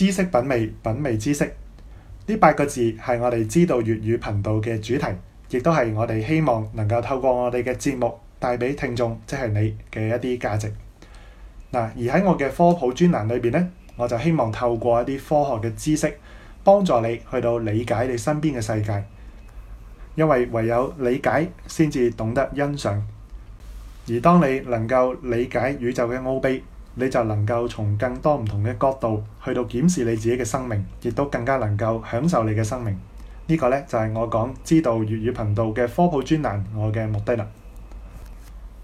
知識品味，品味知識。呢八個字係我哋知道粵語頻道嘅主題，亦都係我哋希望能夠透過我哋嘅節目帶俾聽眾，即係你嘅一啲價值。嗱，而喺我嘅科普專欄裏邊呢，我就希望透過一啲科學嘅知識，幫助你去到理解你身邊嘅世界。因為唯有理解，先至懂得欣賞。而當你能夠理解宇宙嘅奧秘，你就能夠從更多唔同嘅角度去到檢視你自己嘅生命，亦都更加能夠享受你嘅生命。呢個呢就係我講知道粵語頻道嘅科普專欄，我嘅目的啦。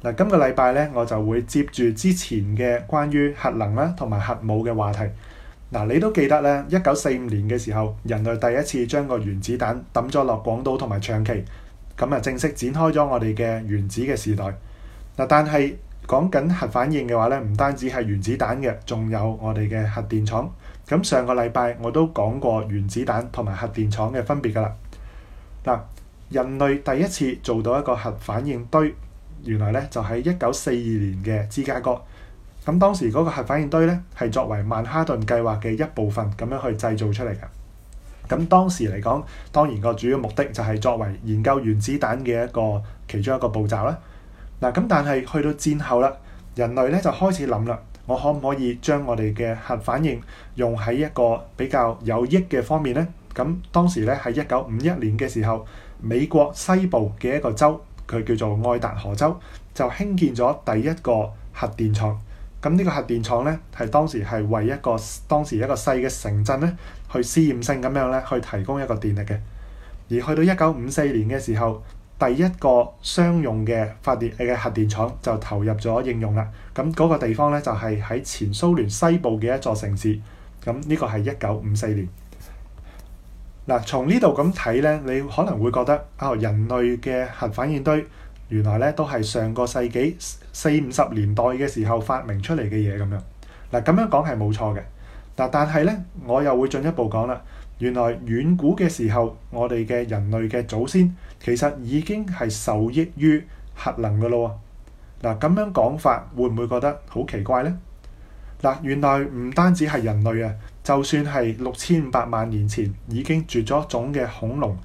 嗱，今個禮拜呢，我就會接住之前嘅關於核能啦同埋核武嘅話題。嗱，你都記得呢，一九四五年嘅時候，人類第一次將個原子彈抌咗落廣島同埋長崎，咁啊正式展開咗我哋嘅原子嘅時代。嗱，但係...講緊核反應嘅話咧，唔單止係原子彈嘅，仲有我哋嘅核電廠。咁上個禮拜我都講過原子彈同埋核電廠嘅分別噶啦。嗱，人類第一次做到一個核反應堆，原來咧就喺一九四二年嘅芝加哥。咁當時嗰個核反應堆咧，係作為曼哈頓計劃嘅一部分咁樣去製造出嚟嘅。咁當時嚟講，當然個主要目的就係作為研究原子彈嘅一個其中一個步驟啦。嗱咁，但係去到戰後啦，人類咧就開始諗啦，我可唔可以將我哋嘅核反應用喺一個比較有益嘅方面咧？咁當時咧喺一九五一年嘅時候，美國西部嘅一個州，佢叫做愛達荷州，就興建咗第一個核電廠。咁呢個核電廠咧，係當時係為一個當時一個細嘅城鎮咧，去試驗性咁樣咧，去提供一個電力嘅。而去到一九五四年嘅時候，第一個商用嘅發電嘅核電廠就投入咗應用啦，咁嗰個地方咧就係喺前蘇聯西部嘅一座城市，咁呢個係一九五四年。嗱，從呢度咁睇咧，你可能會覺得哦，人類嘅核反應堆原來咧都係上個世紀四五十年代嘅時候發明出嚟嘅嘢咁樣。嗱，咁樣講係冇錯嘅，嗱但係咧，我又會進一步講啦。原來遠古嘅時候，我哋嘅人類嘅祖先其實已經係受益於核能嘅咯。嗱，咁樣講法會唔會覺得好奇怪呢？嗱，原來唔單止係人類啊，就算係六千五百萬年前已經絕咗種嘅恐龍，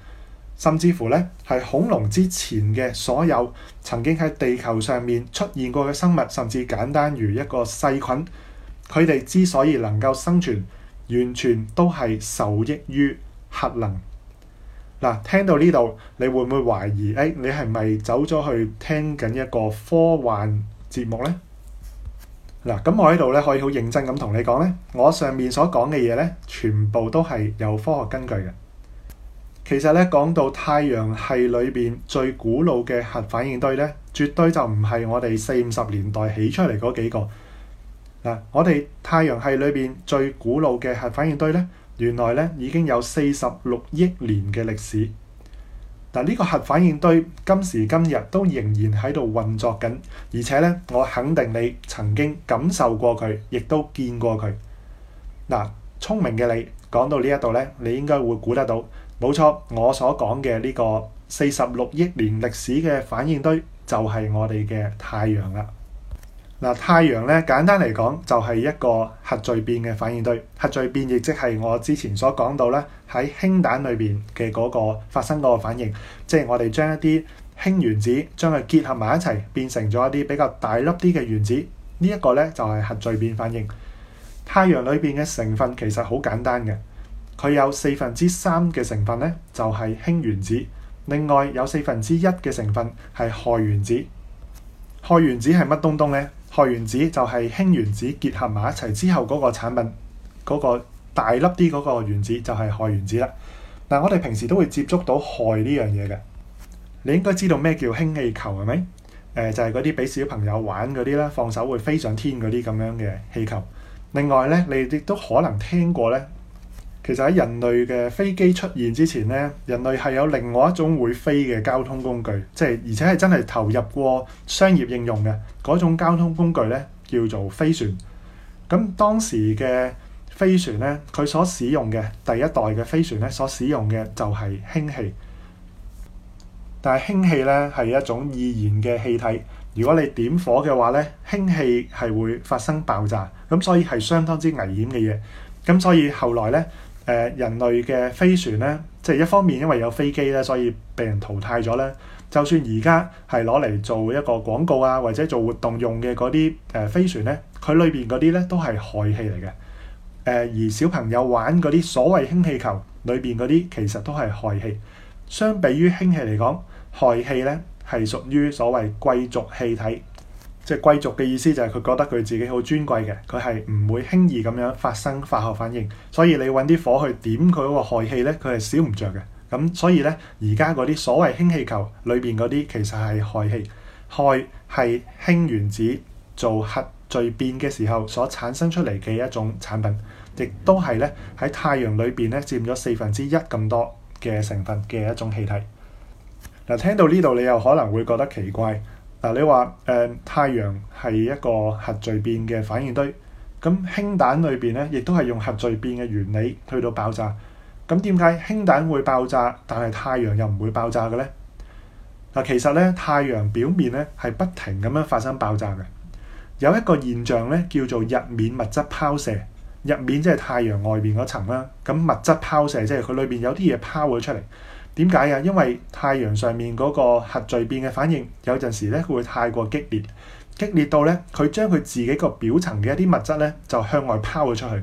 甚至乎呢係恐龍之前嘅所有曾經喺地球上面出現過嘅生物，甚至簡單如一個細菌，佢哋之所以能夠生存，完全都係受益於核能。嗱，聽到呢度，你會唔會懷疑？誒、哎，你係咪走咗去聽緊一個科幻節目呢？嗱，咁我喺度咧可以好認真咁同你講咧，我上面所講嘅嘢咧，全部都係有科學根據嘅。其實咧，講到太陽系裏邊最古老嘅核反應堆咧，絕對就唔係我哋四五十年代起出嚟嗰幾個。嗱，我哋太陽系裏邊最古老嘅核反應堆咧，原來咧已經有四十六億年嘅歷史。但係呢個核反應堆今時今日都仍然喺度運作緊，而且咧我肯定你曾經感受過佢，亦都見過佢。嗱，聰明嘅你講到呢一度咧，你應該會估得到，冇錯，我所講嘅呢個四十六億年歷史嘅反應堆就係我哋嘅太陽啦。嗱，太陽咧簡單嚟講就係、是、一個核聚變嘅反應堆。核聚變亦即係我之前所講到咧喺氫彈裏邊嘅嗰個發生嗰個反應，即係我哋將一啲氫原子將佢結合埋一齊變成咗一啲比較大粒啲嘅原子。這個、呢一個咧就係、是、核聚變反應。太陽裏邊嘅成分其實好簡單嘅，佢有四分之三嘅成分咧就係、是、氫原子，另外有四分之一嘅成分係氦原子。氦原子係乜東東咧？氦原子就係氫原子結合埋一齊之後嗰個產品，嗰、嗰個大粒啲嗰個原子就係氦原子啦。但我哋平時都會接觸到氦呢樣嘢嘅，你應該知道咩叫氫氣球係咪？誒、呃、就係嗰啲俾小朋友玩嗰啲啦，放手會飛上天嗰啲咁樣嘅氣球。另外咧，你亦都可能聽過咧。其實喺人類嘅飛機出現之前呢，人類係有另外一種會飛嘅交通工具，即係而且係真係投入過商業應用嘅，嗰種交通工具呢叫做飛船。咁當時嘅飛船呢，佢所使用嘅第一代嘅飛船呢，所使用嘅就係氫氣。但係氫氣呢係一種易燃嘅氣體，如果你點火嘅話呢，氫氣係會發生爆炸，咁所以係相當之危險嘅嘢，咁所以後來呢誒人類嘅飛船咧，即係一方面因為有飛機咧，所以被人淘汰咗咧。就算而家係攞嚟做一個廣告啊，或者做活動用嘅嗰啲誒飛船咧，佢裏邊嗰啲咧都係氦氣嚟嘅。誒而小朋友玩嗰啲所謂氫氣球裏邊嗰啲其實都係氦氣。相比於氫氣嚟講，氦氣咧係屬於所謂貴族氣體。即係貴族嘅意思就係佢覺得佢自己好尊貴嘅，佢係唔會輕易咁樣發生化學反應，所以你揾啲火去點佢嗰個氦氣咧，佢係燒唔着嘅。咁所以呢，而家嗰啲所謂氫氣球裏邊嗰啲其實係氦氣，氦係氫原子做核聚變嘅時候所產生出嚟嘅一種產品，亦都係呢喺太陽裏邊咧佔咗四分之一咁多嘅成分嘅一種氣體。嗱，聽到呢度你又可能會覺得奇怪。嗱，你話誒、呃、太陽係一個核聚變嘅反應堆，咁氫彈裏邊咧，亦都係用核聚變嘅原理去到爆炸。咁點解氫彈會爆炸，但係太陽又唔會爆炸嘅咧？嗱，其實咧，太陽表面咧係不停咁樣發生爆炸嘅。有一個現象咧，叫做日冕物質拋射。日冕即係太陽外邊嗰層啦。咁物質拋射即係佢裏邊有啲嘢拋咗出嚟。點解呀？因為太陽上面嗰個核聚變嘅反應，有陣時咧佢會太過激烈，激烈到咧佢將佢自己個表層嘅一啲物質咧就向外拋咗出去。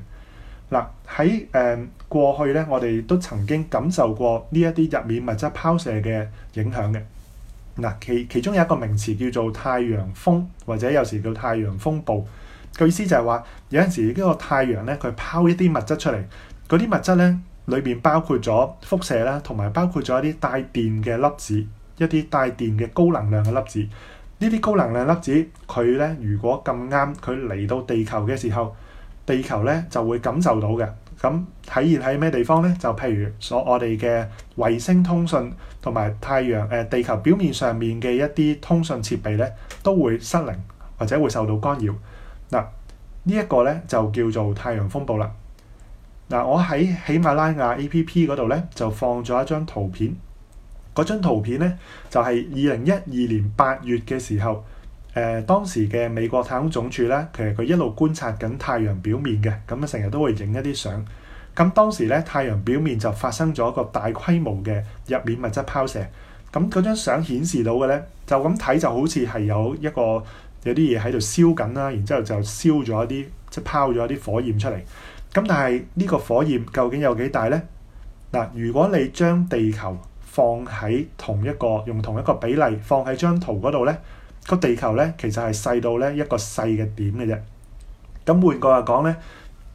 嗱，喺誒過去咧，我哋都曾經感受過呢一啲入面物質拋射嘅影響嘅。嗱，其其中有一個名詞叫做太陽風，或者有時叫太陽風暴。個意思就係話有陣時呢個太陽咧佢拋一啲物質出嚟，嗰啲物質咧。裏面包括咗輻射啦，同埋包括咗一啲帶電嘅粒子，一啲帶電嘅高能量嘅粒子。呢啲高能量粒子佢咧，如果咁啱佢嚟到地球嘅時候，地球咧就會感受到嘅。咁體現喺咩地方咧？就譬如所我哋嘅衛星通訊同埋太陽誒、呃、地球表面上面嘅一啲通訊設備咧，都會失靈或者會受到干擾。嗱，這個、呢一個咧就叫做太陽風暴啦。嗱，我喺喜馬拉雅 A P P 嗰度咧，就放咗一張圖片。嗰張圖片咧，就係二零一二年八月嘅時候，誒、呃、當時嘅美國太空總署咧，其實佢一路觀察緊太陽表面嘅，咁啊成日都會影一啲相。咁當時咧，太陽表面就發生咗一個大規模嘅日冕物質拋射。咁嗰張相顯示到嘅咧，就咁睇就好似係有一個有啲嘢喺度燒緊啦，然之後就燒咗一啲即係拋咗一啲火焰出嚟。咁但係呢個火焰究竟有幾大咧？嗱，如果你將地球放喺同一個，用同一個比例放喺張圖嗰度咧，個地球咧，其實係細到咧一個細嘅點嘅啫。咁換句話講咧，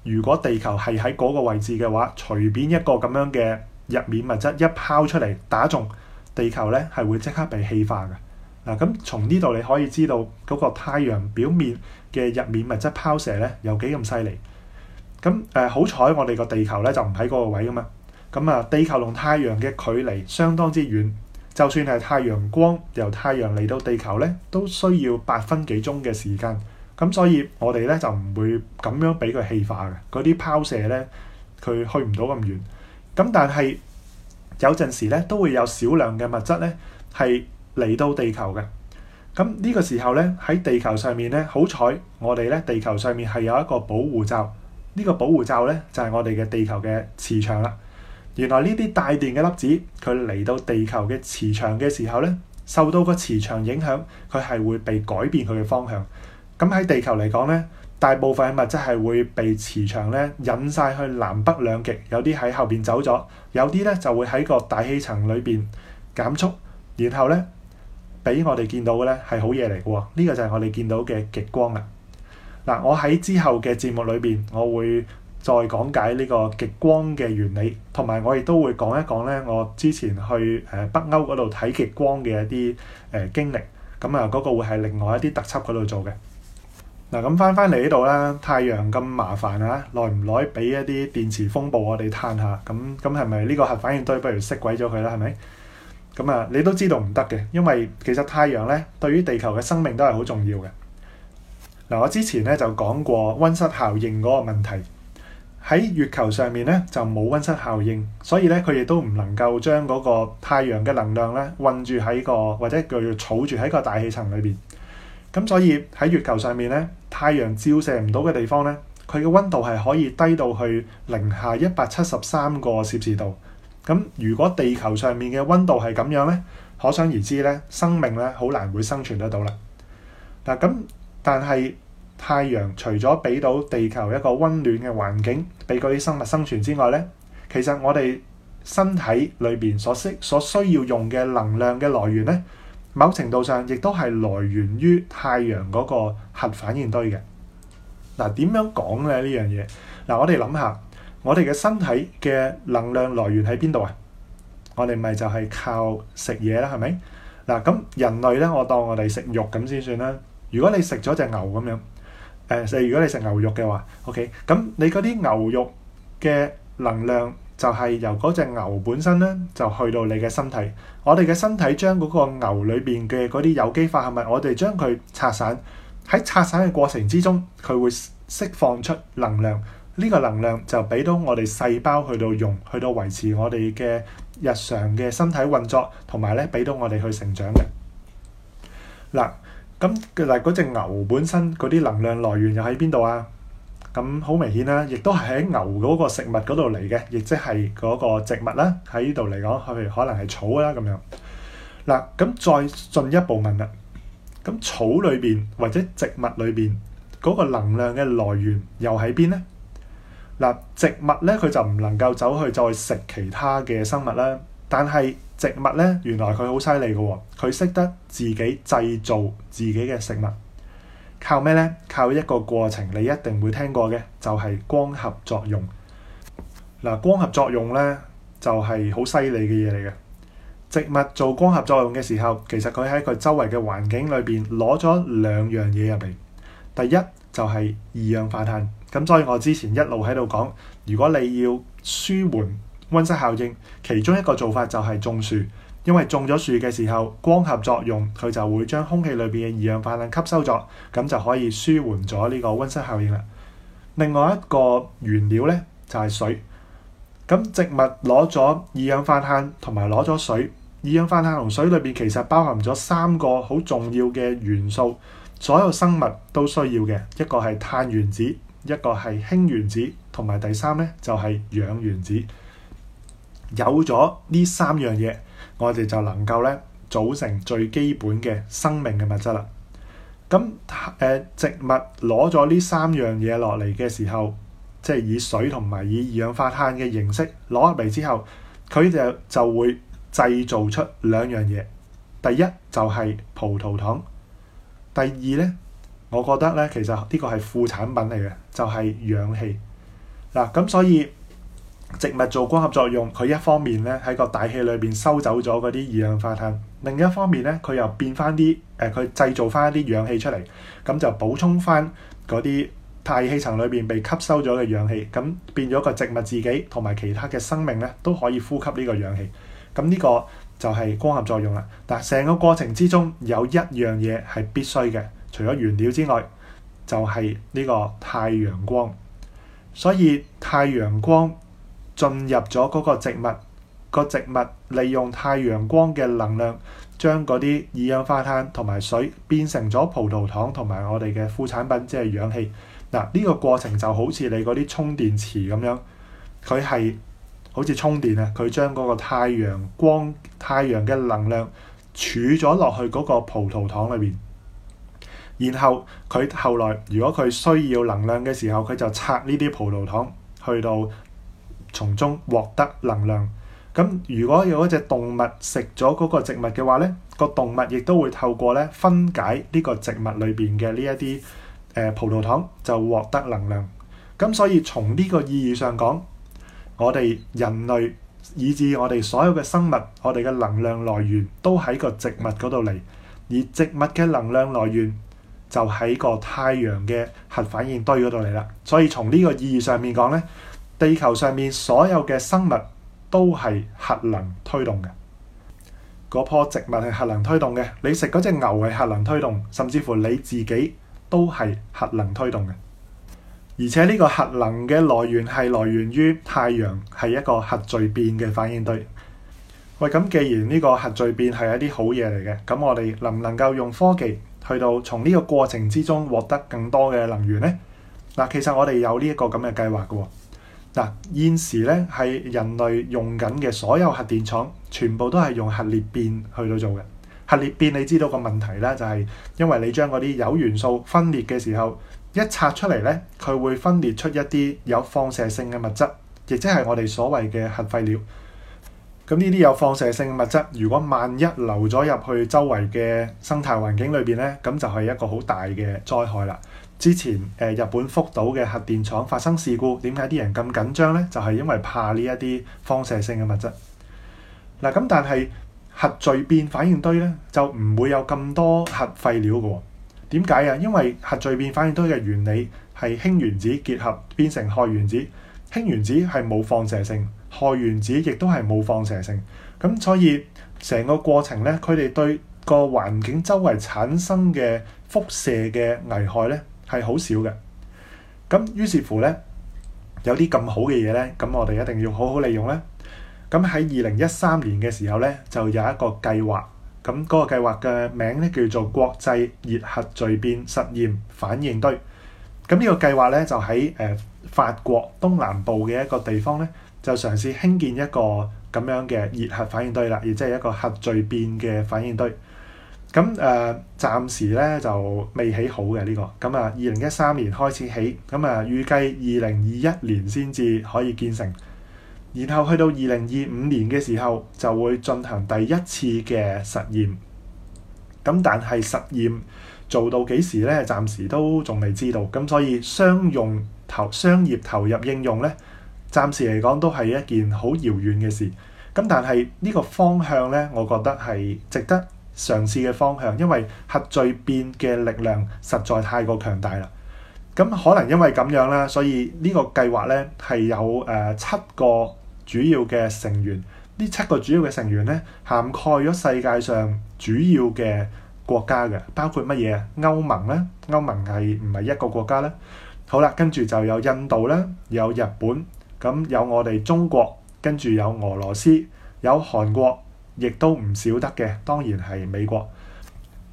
如果地球係喺嗰個位置嘅話，隨便一個咁樣嘅日冕物質一拋出嚟打中地球咧，係會即刻被氣化嘅。嗱，咁從呢度你可以知道嗰個太陽表面嘅日冕物質拋射咧，有幾咁犀利。咁誒好彩，我哋個地球咧就唔喺嗰個位㗎嘛。咁啊，地球同太陽嘅距離相當之遠，就算係太陽光由太陽嚟到地球咧，都需要八分幾鐘嘅時間。咁所以我哋咧就唔會咁樣俾佢氣化嘅，嗰啲拋射咧，佢去唔到咁遠。咁但係有陣時咧都會有少量嘅物質咧係嚟到地球嘅。咁呢個時候咧，喺地球上面咧好彩，我哋咧地球上面係有一個保護罩。呢個保護罩呢，就係我哋嘅地球嘅磁場啦。原來呢啲帶電嘅粒子，佢嚟到地球嘅磁場嘅時候呢，受到個磁場影響，佢係會被改變佢嘅方向。咁喺地球嚟講呢，大部分嘅物質係會被磁場呢引晒去南北兩極，有啲喺後邊走咗，有啲呢就會喺個大氣層裏邊減速，然後呢，俾我哋見到嘅呢係好嘢嚟嘅喎。呢個就係我哋見到嘅極光啦。嗱，我喺之後嘅節目裏邊，我會再講解呢個極光嘅原理，同埋我亦都會講一講咧，我之前去誒北歐嗰度睇極光嘅一啲誒經歷。咁啊，嗰個會係另外一啲特輯嗰度做嘅。嗱，咁翻翻嚟呢度啦，太陽咁麻煩啊，耐唔耐俾一啲電磁風暴我哋攤下？咁咁係咪呢個核反應堆不如熄鬼咗佢啦？係咪？咁啊，你都知道唔得嘅，因為其實太陽咧對於地球嘅生命都係好重要嘅。嗱，我之前咧就講過温室效應嗰個問題，喺月球上面咧就冇温室效應，所以咧佢亦都唔能夠將嗰個太陽嘅能量咧困住喺個，或者叫佢儲住喺個大氣層裏邊。咁所以喺月球上面咧，太陽照射唔到嘅地方咧，佢嘅温度係可以低到去零下一百七十三個攝氏度。咁如果地球上面嘅温度係咁樣咧，可想而知咧，生命咧好難會生存得到啦。嗱咁。但係太陽除咗俾到地球一個温暖嘅環境，俾嗰啲生物生存之外咧，其實我哋身體裏邊所識所需要用嘅能量嘅來源咧，某程度上亦都係來源於太陽嗰個核反應堆嘅嗱。點樣講咧呢樣嘢嗱？我哋諗下，我哋嘅身體嘅能量來源喺邊度啊？我哋咪就係靠食嘢啦，係咪嗱？咁人類咧，我當我哋食肉咁先算啦。如果你食咗隻牛咁樣，誒，你如果你食牛肉嘅話，OK，咁你嗰啲牛肉嘅能量就係由嗰隻牛本身咧，就去到你嘅身體。我哋嘅身體將嗰個牛裏邊嘅嗰啲有機化合物，我哋將佢拆散，喺拆散嘅過程之中，佢會釋放出能量。呢個能量就俾到我哋細胞去到用，去到維持我哋嘅日常嘅身體運作，同埋咧俾到我哋去成長嘅嗱。咁嗱，嗰隻牛本身嗰啲能量來源又喺邊度啊？咁好明顯啦，亦都係喺牛嗰個食物嗰度嚟嘅，亦即係嗰個植物啦，喺呢度嚟講，佢可能係草啦咁樣。嗱，咁再進一步問啦，咁草裏邊或者植物裏邊嗰個能量嘅來源又喺邊呢？嗱，植物咧佢就唔能夠走去再食其他嘅生物啦，但係植物咧，原來佢好犀利嘅喎，佢識得自己製造自己嘅食物。靠咩呢？靠一個過程，你一定會聽過嘅，就係光合作用。嗱，光合作用呢，就係好犀利嘅嘢嚟嘅。植物做光合作用嘅時候，其實佢喺佢周圍嘅環境裏邊攞咗兩樣嘢入嚟。第一就係二氧化碳。咁所以我之前一路喺度講，如果你要舒緩溫室效應其中一個做法就係種樹，因為種咗樹嘅時候，光合作用佢就會將空氣裏邊嘅二氧化碳吸收咗，咁就可以舒緩咗呢個溫室效應啦。另外一個原料咧就係水，咁植物攞咗二氧化碳同埋攞咗水，二氧化碳同水裏邊其實包含咗三個好重要嘅元素，所有生物都需要嘅，一個係碳原子，一個係氫原子，同埋第三咧就係氧原子。有咗呢三樣嘢，我哋就能夠咧組成最基本嘅生命嘅物質啦。咁誒，呃，植物攞咗呢三樣嘢落嚟嘅時候，即係以水同埋以二氧化碳嘅形式攞入嚟之後，佢哋就，就會製造出兩樣嘢。第一就係葡萄糖，第二咧，我覺得咧其實呢個係副產品嚟嘅，就係氧氣。嗱，咁所以。植物做光合作用，佢一方面咧喺個大氣裏邊收走咗嗰啲二氧化碳，另一方面咧佢又變翻啲誒，佢、呃、製造翻一啲氧氣出嚟，咁就補充翻嗰啲大氣層裏邊被吸收咗嘅氧氣，咁變咗個植物自己同埋其他嘅生命咧都可以呼吸呢個氧氣。咁呢個就係光合作用啦。但成個過程之中有一樣嘢係必須嘅，除咗原料之外，就係、係、呢個太陽光。所以太陽光。進入咗嗰個植物，個植物利用太陽光嘅能量，將嗰啲二氧化碳同埋水變成咗葡萄糖同埋我哋嘅副產品，即係氧氣嗱。呢個過程就好似你嗰啲充電池咁樣，佢係好似充電啊，佢將嗰個太陽光、太陽嘅能量儲咗落去嗰個葡萄糖裏邊，然後佢後來如果佢需要能量嘅時候，佢就拆呢啲葡萄糖去到。從中獲得能量。咁如果有一隻動物食咗嗰個植物嘅話，呢個動物亦都會透過咧分解呢個植物裏邊嘅呢一啲誒葡萄糖就獲得能量。咁所以從呢個意義上講，我哋人類以至我哋所有嘅生物，我哋嘅能量來源都喺個植物嗰度嚟，而植物嘅能量來源就喺個太陽嘅核反應堆嗰度嚟啦。所以從呢個意義上面講呢。地球上面所有嘅生物都係核能推動嘅。嗰棵植物係核能推動嘅，你食嗰隻牛係核能推動，甚至乎你自己都係核能推動嘅。而且呢個核能嘅來源係來源於太陽，係一個核聚變嘅反應堆。喂，咁既然呢個核聚變係一啲好嘢嚟嘅，咁我哋能唔能夠用科技去到從呢個過程之中獲得更多嘅能源呢？嗱，其實我哋有呢一個咁嘅計劃嘅。嗱，現時咧係人類用緊嘅所有核電廠，全部都係用核裂變去到做嘅。核裂變你知道個問題咧、就係，就係因為你將嗰啲鈾元素分裂嘅時候，一拆出嚟咧，佢會分裂出一啲有放射性嘅物質，亦即係我哋所謂嘅核廢料。咁呢啲有放射性嘅物質，如果萬一流咗入去周圍嘅生態環境裏邊咧，咁就係一個好大嘅災害啦。之前誒日本福島嘅核電廠發生事故，點解啲人咁緊張呢？就係因為怕呢一啲放射性嘅物質嗱。咁但係核聚變反應堆呢就唔會有咁多核廢料嘅喎。點解啊？因為核聚變反應堆嘅原理係氫原子結合變成氦原子，氫原子係冇放射性，氦原子亦都係冇放射性。咁所以成個過程呢，佢哋對個環境周圍產生嘅輻射嘅危害呢，係好少嘅，咁於是乎呢，有啲咁好嘅嘢呢，咁我哋一定要好好利用咧。咁喺二零一三年嘅時候呢，就有一個計劃，咁嗰個計劃嘅名呢叫做國際熱核聚變實驗反應堆。咁呢個計劃呢就喺誒法國東南部嘅一個地方呢，就嘗試興建一個咁樣嘅熱核反應堆啦，而即係一個核聚變嘅反應堆。咁誒，暫時咧就未起好嘅呢個咁啊。二零一三年開始起，咁啊，預計二零二一年先至可以建成，然後去到二零二五年嘅時候就會進行第一次嘅實驗。咁但係實驗做到幾時咧？暫時都仲未知道。咁所以商用投商業投入應用咧，暫時嚟講都係一件好遙遠嘅事。咁但係呢個方向咧，我覺得係值得嘗試嘅方向，因為核聚變嘅力量實在太過強大啦。咁可能因為咁樣啦，所以呢個計劃咧係有誒七個主要嘅成員。呢七個主要嘅成員咧，涵蓋咗世界上主要嘅國家㗎，包括乜嘢啊？歐盟咧，歐盟係唔係一個國家咧？好啦，跟住就有印度啦，有日本，咁有我哋中國，跟住有俄羅斯，有韓國。亦都唔少得嘅，當然係美國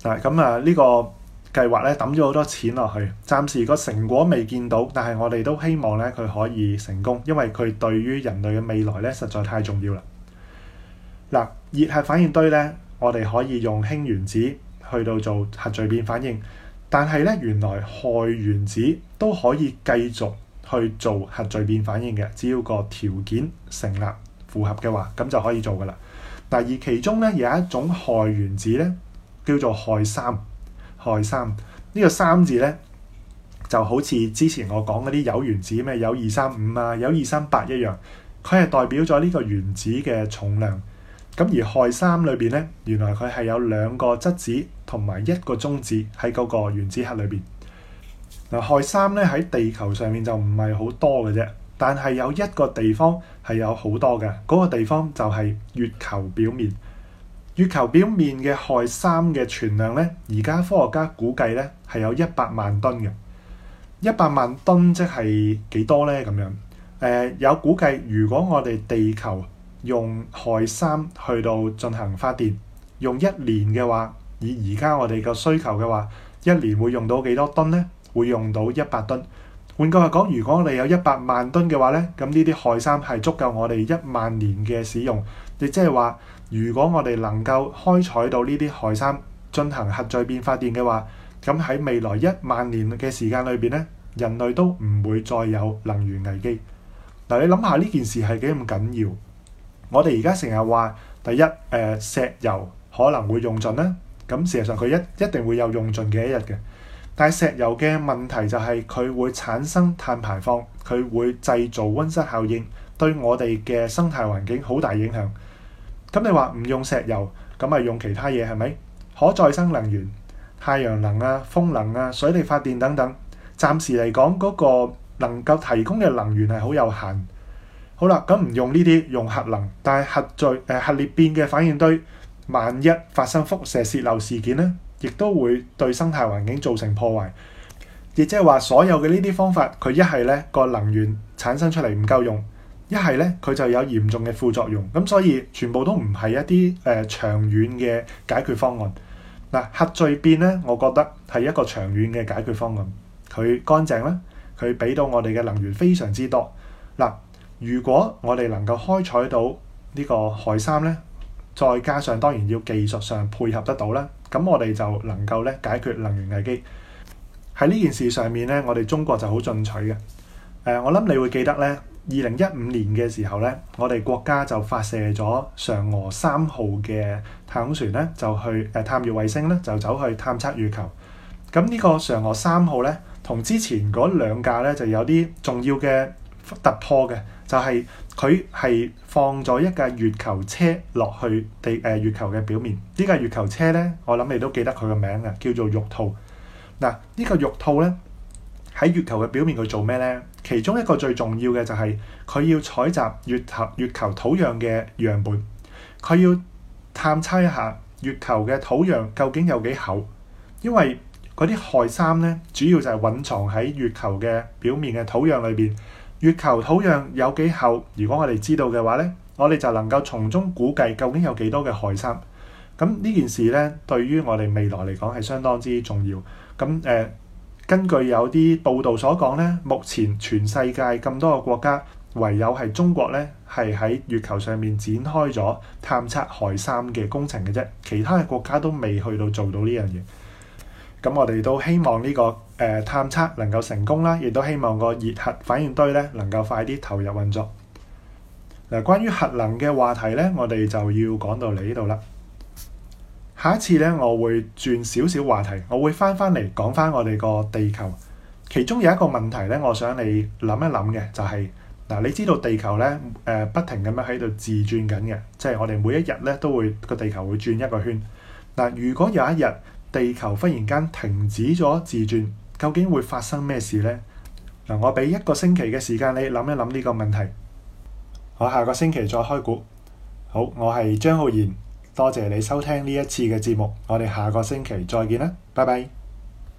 嗱，咁啊。這個、計劃，呢個計劃咧抌咗好多錢落去，暫時個成果未見到，但係我哋都希望咧佢可以成功，因為佢對於人類嘅未來咧實在太重要啦。嗱、啊，熱核反應堆咧，我哋可以用氫原子去到做核聚變反應，但係咧原來氦原子都可以繼續去做核聚變反應嘅，只要個條件成立符合嘅話，咁就可以做噶啦。第二，其中咧有一種氦原子咧，叫做氦三。氦三呢個三字咧，就好似之前我講嗰啲有原子咩有二三五啊，有二三八一樣，佢係代表咗呢個原子嘅重量。咁而氦三裏邊咧，原來佢係有兩個質子同埋一個中子喺嗰個原子核裏邊。嗱，氦三咧喺地球上面就唔係好多嘅啫。但係有一個地方係有好多嘅，嗰、那個地方就係月球表面。月球表面嘅氦三嘅存量呢，而家科學家估計呢係有一百萬噸嘅。一百萬噸即係幾多呢？咁樣誒、呃、有估計，如果我哋地球用氦三去到進行發電，用一年嘅話，以而家我哋個需求嘅話，一年會用到幾多噸呢？會用到一百噸。換句話講，如果你有一百萬噸嘅話咧，咁呢啲氦三係足夠我哋一萬年嘅使用。亦即係話，如果我哋能夠開採到呢啲氦三進行核聚變發電嘅話，咁喺未來一萬年嘅時間裏邊咧，人類都唔會再有能源危機。嗱，你諗下呢件事係幾咁緊要？我哋而家成日話，第一誒石油可能會用盡啦，咁事實上佢一一定會有用盡嘅一日嘅。但係石油嘅問題就係佢會產生碳排放，佢會製造溫室效應，對我哋嘅生態環境好大影響。咁你話唔用石油，咁咪用其他嘢係咪？可再生能源、太陽能啊、風能啊、水力發電等等。暫時嚟講，嗰個能夠提供嘅能源係好有限。好啦，咁唔用呢啲，用核能。但係核聚、誒核裂變嘅反應堆，萬一發生輻射洩漏事件呢？亦都會對生態環境造成破壞，亦即係話所有嘅呢啲方法，佢一係咧個能源產生出嚟唔夠用，一係咧佢就有嚴重嘅副作用，咁所以全部都唔係一啲誒、呃、長遠嘅解決方案嗱。核聚變咧，我覺得係一個長遠嘅解決方案，佢乾淨啦，佢俾到我哋嘅能源非常之多嗱。如果我哋能夠開採到呢個氦三咧，再加上當然要技術上配合得到啦。咁我哋就能夠咧解決能源危機，喺呢件事上面咧，我哋中國就好進取嘅。誒，我諗你會記得咧，二零一五年嘅時候咧，我哋國家就發射咗嫦娥三號嘅太空船咧，就去誒探月衛星咧，就走去探測月球。咁呢個嫦娥三號咧，同之前嗰兩架咧就有啲重要嘅突破嘅，就係。佢係放咗一架月球車落去地誒月球嘅表面。呢、這、架、個、月球車呢，我諗你都記得佢個名呀，叫做玉兔。嗱，呢、這個玉兔呢，喺月球嘅表面佢做咩呢？其中一個最重要嘅就係、是、佢要採集月球月球土壤嘅樣本。佢要探測一下月球嘅土壤究竟有幾厚，因為嗰啲氦三呢，主要就係蘊藏喺月球嘅表面嘅土壤裏邊。月球土壤有幾厚？如果我哋知道嘅話呢，我哋就能夠從中估計究竟有幾多嘅氦三。咁呢件事呢，對於我哋未來嚟講係相當之重要。咁誒，根據有啲報道所講呢，目前全世界咁多個國家，唯有係中國呢係喺月球上面展開咗探測氦三嘅工程嘅啫，其他嘅國家都未去到做到呢樣嘢。咁我哋都希望呢個誒，探測能夠成功啦，亦都希望個熱核反應堆咧能夠快啲投入運作嗱。關於核能嘅話題咧，我哋就要講到你呢度啦。下一次咧，我會轉少少話題，我會翻翻嚟講翻我哋個地球，其中有一個問題咧，我想你諗一諗嘅就係：嗱，你知道地球咧，誒不停咁樣喺度自轉緊嘅，即係我哋每一日咧都會個地球會轉一個圈嗱。如果有一日地球忽然間停止咗自轉。究竟會發生咩事呢？嗱，我俾一個星期嘅時間你諗一諗呢個問題。我下個星期再開估。好，我係張浩然，多謝你收聽呢一次嘅節目。我哋下個星期再見啦，拜拜。